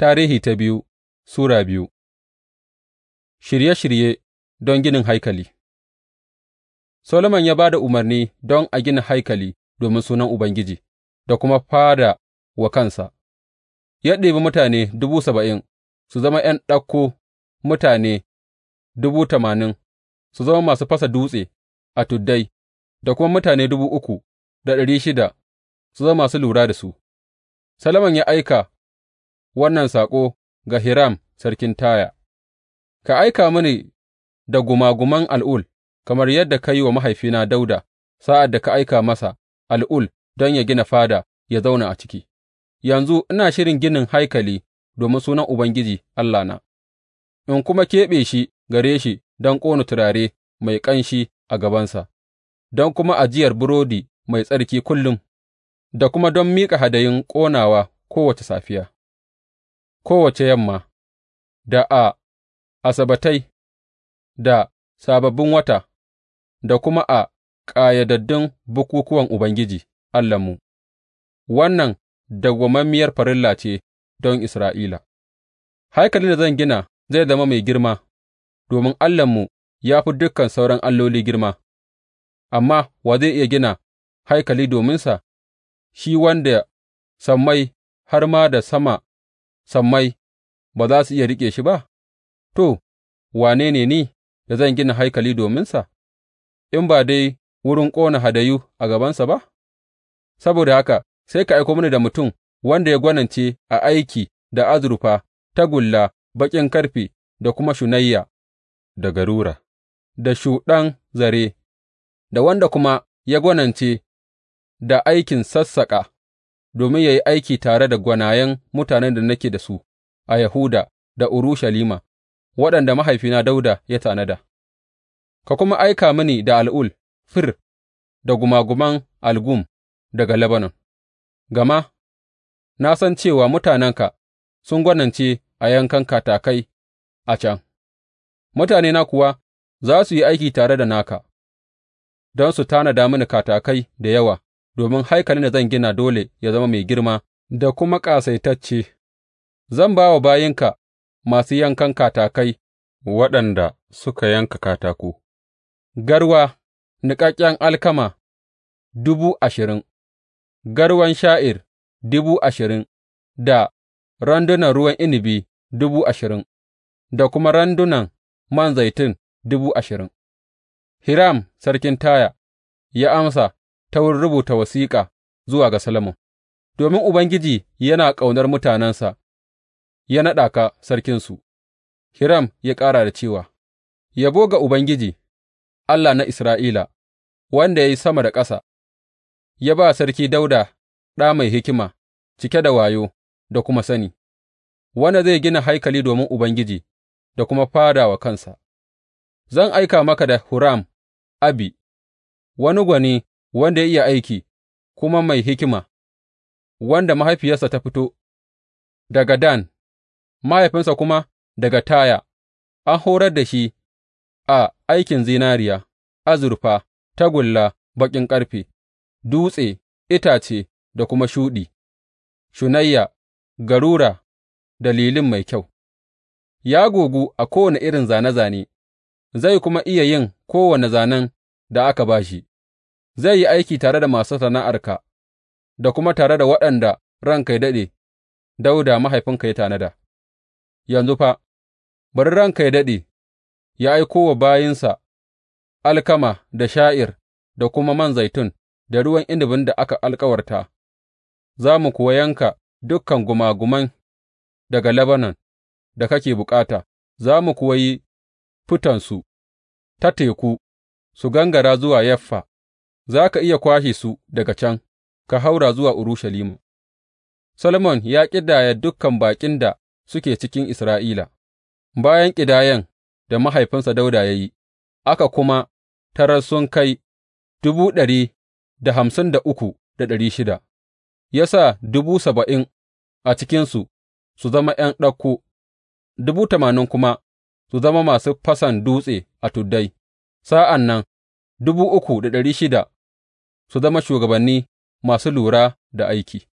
Tarihi ta biyu Sura biyu Shirye shirye don ginin haikali Solomon ya ba da umarni don a gina haikali domin Sunan Ubangiji da kuma fada wa kansa, ya ɗebi mutane dubu saba'in su zama ’yan ɗauko mutane dubu tamanin su zama masu fasa dutse a tuddai, da kuma mutane dubu uku da ɗari shida su zama masu lura da su, Solomon ya aika. wannan saƙo ga Hiram sarkin Taya, Ka aika mini da gumaguman al'ul, kamar yadda ka yi wa mahaifina Dauda sa'ad da ka aika masa al'ul don ya gina fada ya zauna a ciki, yanzu ina shirin ginin haikali domin sunan Ubangiji Allahna, in kuma keɓe shi gare shi don ƙona turare mai ƙanshi a gabansa, don kuma ajiyar burodi mai tsarki kullum, da kuma don miƙa hadayin ƙonawa kowace safiya. kowace yamma, da a Asabbatai, da Sababbin Wata, da kuma a ƙayyadaddun bukukuwan Ubangiji Allahnmu, wannan dawwammamiyar farilla ce don Isra'ila, haikalin da zan gina zai zama mai girma, domin Allahnmu ya fi dukan sauran alloli girma, amma wa zai iya gina haikali dominsa, shi wanda sammai har ma da sama sammai ba za su iya riƙe shi ba, to, wane ne ni da zan gina haikali dominsa, in ba dai wurin ƙona hadayu a gabansa ba? Saboda haka sai ka aiko mini da mutum wanda ya gwanance a aiki da azurfa, tagulla, baƙin karfe da kuma shunayya da garura, da shuɗan zare, da wanda kuma ya gwanance da aikin sassaƙa domin yă yi aiki tare da gwanayen mutanen da nake da su a Yahuda da Urushalima, waɗanda mahaifina Dauda ya tanada, ka kuma aika mini da al'ul, fir, da gumaguman algum daga Lebanon, gama na san cewa mutanenka sun gwanance a yankan katakai a can, mutanena kuwa za su yi aiki tare da naka, don su tanada mini katakai da yawa domin haikalin da zan gina dole ya zama mai girma da kuma ƙasaitacce, zan ba wa bayinka masu yankan katakai waɗanda suka yanka katako, garwa, niƙaƙƙen alkama dubu ashirin, garwan sha'ir dubu ashirin da randunan ruwan Inibi dubu ashirin da kuma randunan man zaitun dubu ashirin. Hiram sarkin Taya ya amsa ta wurin rubuta wasiƙa zuwa ga Solomon, domin Ubangiji yana ƙaunar mutanensa ya naɗa ka sarkinsu, Hiram ya ƙara da cewa, Yabo ga Ubangiji, Allah na Isra'ila, wanda ya yi sama da ƙasa, ya ba sarki Dauda ɗa mai hikima, cike da wayo da kuma sani, wanda zai gina haikali domin Ubangiji da kuma fada wa kansa. Zan aika maka da Huram Abi, wani gwani wanda ya iya aiki kuma mai hikima, wanda mahaifiyarsa ta fito daga Dan, mahaifinsa kuma daga Taya, an horar da shi a aikin zinariya, azurfa, tagulla, baƙin ƙarfe, dutse, itace da kuma shuɗi, shunayya, garura da lilin mai kyau. Ya gogu a kowane irin zane zane, zai kuma iya yin kowane zanen da aka ba shi. zai yi aiki tare da masu sana'arka da kuma tare da waɗanda ranka yă daɗe, Dawuda mahaifinka ya tanada, yanzu fa, bari ranka yă daɗe, ya aiko wa bayinsa alkama da sha'ir da kuma man zaitun da ruwan inabin da aka alkawarta, za mu kuwa yanka dukkan gumaguman daga Lebanon da kake bukata, za mu kuwa yi fitonsu ta teku su gangara zuwa Yaffa. za ka iya kwashe su daga can ka haura zuwa Urushalima. Solomon ya ƙidaya dukan baƙin da suke cikin Isra'ila, bayan ƙidayen da mahaifinsa Dauda ya yi, aka kuma tarar sun kai dubu ɗari da hamsin da uku da ɗari shida, ya sa dubu saba'in a cikinsu su zama ’yan ɗauko, dubu tamanin kuma su zama masu fasan dutse a tuddai, sa'an nan dubu uku da ɗari shida su zama shugabanni masu lura da aiki.